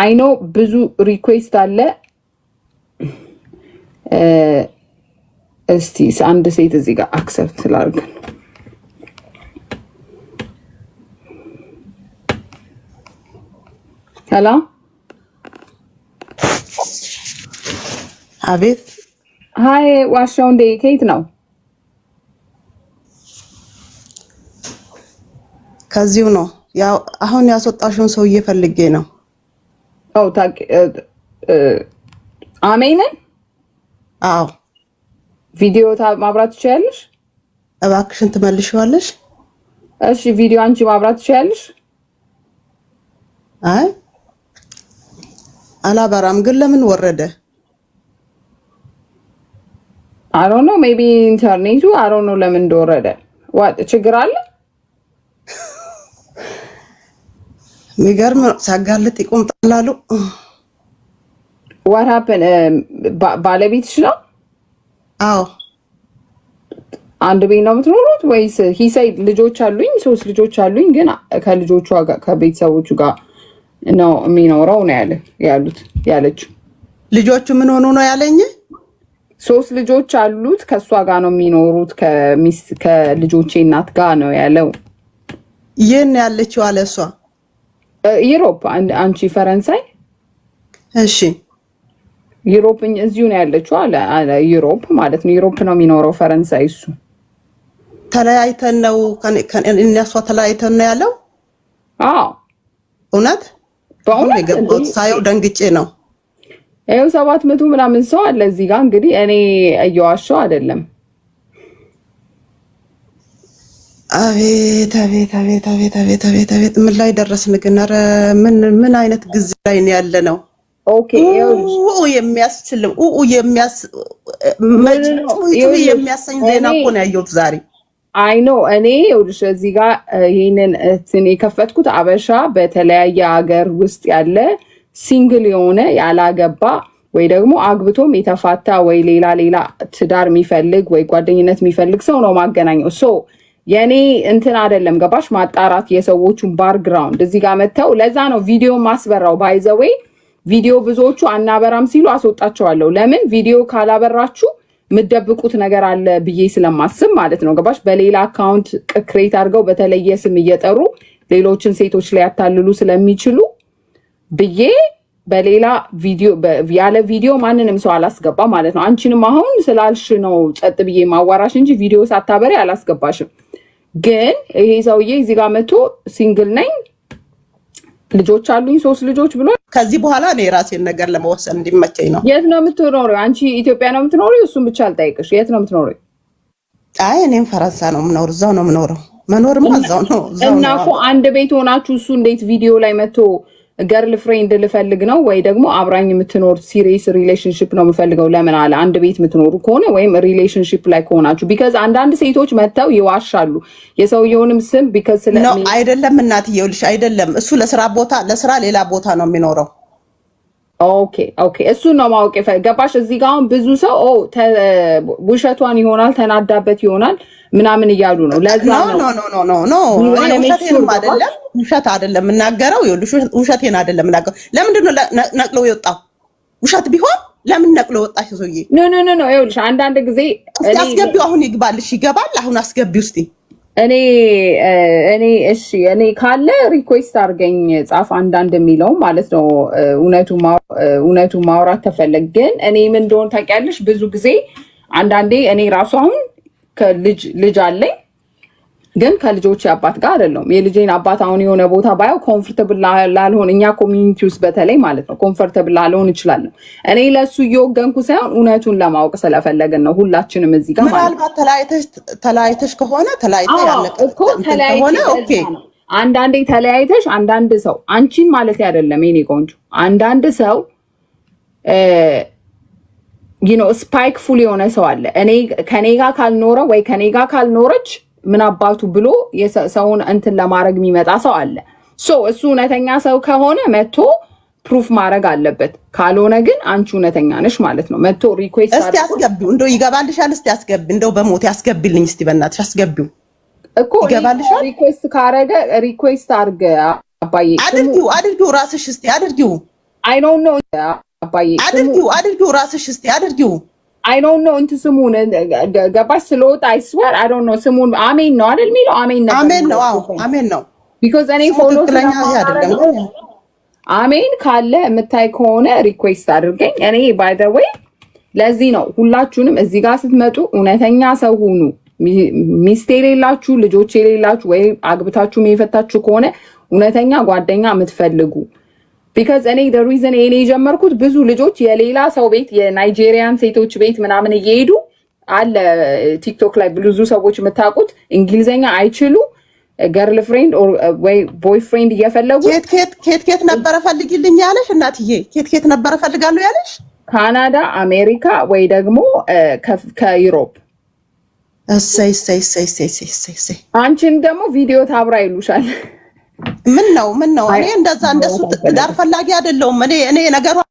አይኖ ብዙ ሪኩዌስት አለ። እስቲ አንድ ሴት እዚህ ጋር አክሰፕት ስላርግ ሰላም አቤት። ሀይ ዋሻው እንደ ከየት ነው? ከዚሁ ነው። አሁን ያስወጣሽውን ሰውዬ ፈልጌ ነው አሜንን oh, uh, uh, አዎ ቪዲዮ ማብራት ትችያለሽ? እባክሽን ትመልሺዋለሽ? እሺ ቪዲዮ አንቺ ማብራት ትችያለሽ? አይ አላበራም። ግን ለምን ወረደ? አሮ ነው ሜቢ ኢንተርኔቱ አሮ ነው ለምን እንደወረደ። ችግር አለ የሚገርም ሲያጋልጥ ይቆምጣላሉ። ዋትሀፕን um, ባለቤትሽ ነው? አዎ አንድ ቤት ነው የምትኖሩት ወይስ? ሂሳይ ልጆች አሉኝ፣ ሶስት ልጆች አሉኝ። ግን ከልጆቹ ከቤተሰቦቹ ጋር ነው የሚኖረው ነው ያለ ያሉት ያለችው። ልጆቹ ምን ሆኑ ነው ያለኝ? ሶስት ልጆች አሉት ከእሷ ጋር ነው የሚኖሩት ከልጆቼ እናት ጋር ነው ያለው። ይህን ያለችው አለ እሷ ዩሮፕ አንቺ ፈረንሳይ እሺ ዩሮፕ እዚሁ ነው ያለችው አለ ዩሮፕ ማለት ነው ዩሮፕ ነው የሚኖረው ፈረንሳይ እሱ ተለያይተን ነው እነሷ ተለያይተን ነው ያለው አዎ እውነት በእውነት የገባሁት ሳየው ደንግጬ ነው ይኸው ሰባት መቶ ምናምን ሰው አለ እዚህ ጋር እንግዲህ እኔ እየዋሸሁ አይደለም አቤት አቤት አቤት አቤት አቤት አቤት አቤት ምን ላይ ደረስን ግን? ኧረ ምን ምን አይነት ጊዜ ላይ ነው ያለ ነው? ኦኬ የሚያስችልም ኡ የሚያስ የሚያሰኝ ዜና እኮ ነው ያየሁት ዛሬ። አይ ኖ እኔ ይኸውልሽ እዚህ ጋር ይሄንን እንትን የከፈትኩት አበሻ በተለያየ ሀገር ውስጥ ያለ ሲንግል የሆነ ያላገባ ወይ ደግሞ አግብቶም የተፋታ ወይ ሌላ ሌላ ትዳር የሚፈልግ ወይ ጓደኝነት የሚፈልግ ሰው ነው ማገናኘው ሶ የእኔ እንትን አይደለም ገባሽ ማጣራት የሰዎቹን ባርግራውንድ እዚህ ጋር መጥተው ለዛ ነው ቪዲዮ ማስበራው ባይዘወይ ቪዲዮ ብዙዎቹ አናበራም ሲሉ አስወጣቸዋለሁ ለምን ቪዲዮ ካላበራችሁ ምደብቁት ነገር አለ ብዬ ስለማስብ ማለት ነው ገባሽ በሌላ አካውንት ቅክሬት አድርገው በተለየ ስም እየጠሩ ሌሎችን ሴቶች ላይ ያታልሉ ስለሚችሉ ብዬ በሌላ ቪዲዮ ያለ ቪዲዮ ማንንም ሰው አላስገባ ማለት ነው አንቺንም አሁን ስላልሽ ነው ጸጥ ብዬ ማዋራሽ እንጂ ቪዲዮ ሳታበሪ አላስገባሽም ግን ይሄ ሰውዬ እዚህ ጋር መቶ ሲንግል ነኝ ልጆች አሉኝ ሶስት ልጆች ብሎ ከዚህ በኋላ እኔ የራሴን ነገር ለመወሰን እንዲመቸኝ ነው። የት ነው የምትኖሪው? አንቺ ኢትዮጵያ ነው የምትኖሪው? እሱን ብቻ አልጠይቅሽ። የት ነው የምትኖሪው? አይ እኔም ፈረንሳ ነው የምኖር፣ እዛው ነው የምኖረው። መኖርማ እዛው ነው። እና እኮ አንድ ቤት ሆናችሁ እሱ እንዴት ቪዲዮ ላይ መቶ ገርል ፍሬንድ ልፈልግ ነው ወይ ደግሞ አብራኝ የምትኖር ሲሪየስ ሪሌሽንሽፕ ነው የምፈልገው። ለምን አለ አንድ ቤት የምትኖሩ ከሆነ ወይም ሪሌሽንሽፕ ላይ ከሆናችሁ፣ ቢካዝ አንዳንድ ሴቶች መጥተው ይዋሻሉ የሰውየውንም ስም ቢካዝ ስለ አይደለም እናትየው ልሽ አይደለም እሱ ለስራ ቦታ ለስራ ሌላ ቦታ ነው የሚኖረው ኦኬ ኦኬ፣ እሱ ነው ማወቅ ገባሽ። እዚህ ጋር አሁን ብዙ ሰው ኦ ውሸቷን ይሆናል ተናዳበት ይሆናል ምናምን እያሉ ነው። ለዛ ነው ኖ ኖ ኖ ኖ አይደለም ውሸት አይደለም የምናገረው፣ ይኸውልሽ ውሸቴን አይደለም የምናገረው። ለምንድን ነው ነቅሎ የወጣው? ውሸት ቢሆን ለምን ነቅሎ ወጣሽ? ሰውዬ ኖ ኖ ኖ፣ ይኸውልሽ አንዳንድ ጊዜ አስገቢው አሁን ይግባልሽ፣ ይገባል። አሁን አስገቢው እስኪ እኔ እኔ እሺ እኔ ካለ ሪኩዌስት አድርገኝ ጻፍ አንዳንድ የሚለው ማለት ነው። እውነቱ ማውራት ተፈለግ ግን እኔ ምን እንደሆነ ታውቂያለሽ፣ ብዙ ጊዜ አንዳንዴ እኔ ራሱ አሁን ልጅ ልጅ አለኝ ግን ከልጆች አባት ጋር አይደለሁም። የልጄን አባት አሁን የሆነ ቦታ ባየው ኮምፎርተብል ላልሆን እኛ ኮሚኒቲ ውስጥ በተለይ ማለት ነው ኮምፎርተብል ላልሆን እችላለሁ። እኔ ለሱ እየወገንኩ ሳይሆን እውነቱን ለማወቅ ስለፈለግን ነው ሁላችንም እዚህ ጋር ምናልባት ተለያይተሽ ከሆነ ተለያይተ ያለቀ አንዳንዴ ተለያይተሽ አንዳንድ ሰው አንቺን ማለት አይደለም የኔ ቆንጆ አንዳንድ ሰው ስፓይክፉል የሆነ ሰው አለ እኔ ከኔ ጋር ካልኖረ ወይ ከኔ ጋር ካልኖረች ምን አባቱ ብሎ ሰውን እንትን ለማድረግ የሚመጣ ሰው አለ። ሶ እሱ እውነተኛ ሰው ከሆነ መጥቶ ፕሩፍ ማድረግ አለበት። ካልሆነ ግን አንቺ እውነተኛ ነሽ ማለት ነው። መቶ ሪኩዌስት እስቲ አስገቢው፣ እንደው ይገባልሻል። እስቲ አስገቢ፣ እንደው በሞት ያስገቢልኝ እስቲ በእናትሽ አስገቢው እኮ ይገባልሻል። ሪኩዌስት ካረገ ሪኩዌስት አርገ አባዬ፣ አድርጊው፣ አድርጊው ራስሽ እስቲ አድርጊው። አይ ዶንት ኖ አባዬ፣ አድርጊው፣ አድርጊው ራስሽ እስቲ አድርጊው አይ ዶንት ኖ እንትን ስሙን ገባሽ ስለወጣ አይስወር አይ ዶንት ኖ ስሙን አሜን ነው አይደል የሚለው አሜን ነው አሜን ነው አዎ አሜን ነው ቢኮዝ እኔ ፎሎ አሜን ካለ የምታይ ከሆነ ሪኩዌስት አድርገኝ እኔ ባይ ዘ ዌይ ለዚህ ነው ሁላችሁንም እዚህ ጋር ስትመጡ እውነተኛ ሰው ሁኑ ሚስት የሌላችሁ ልጆች የሌላችሁ ወይ አግብታችሁ የፈታችሁ ከሆነ እውነተኛ ጓደኛ የምትፈልጉ ቢካዝ እኔ ሪዝን እኔ የጀመርኩት ብዙ ልጆች የሌላ ሰው ቤት የናይጄሪያን ሴቶች ቤት ምናምን እየሄዱ አለ ቲክቶክ ላይ ብዙ ሰዎች የምታውቁት እንግሊዝኛ አይችሉ ገርል ፍሬንድ uh, ወይ ቦይ ፍሬንድ እየፈለጉ ኬት ኬት ነበረ ፈልግልኝ ያለሽ እናትዬ? ኬት ኬት ነበረ ፈልጋሉ ያለሽ? ካናዳ፣ አሜሪካ ወይ ደግሞ uh, ከዩሮፕ አንቺን ደግሞ ቪዲዮ ታብራ ይሉሻል። ምን ነው ምን ነው? እኔ እንደዛ እንደሱ ትዳር ፈላጊ አይደለሁም። እኔ እኔ ነገሩ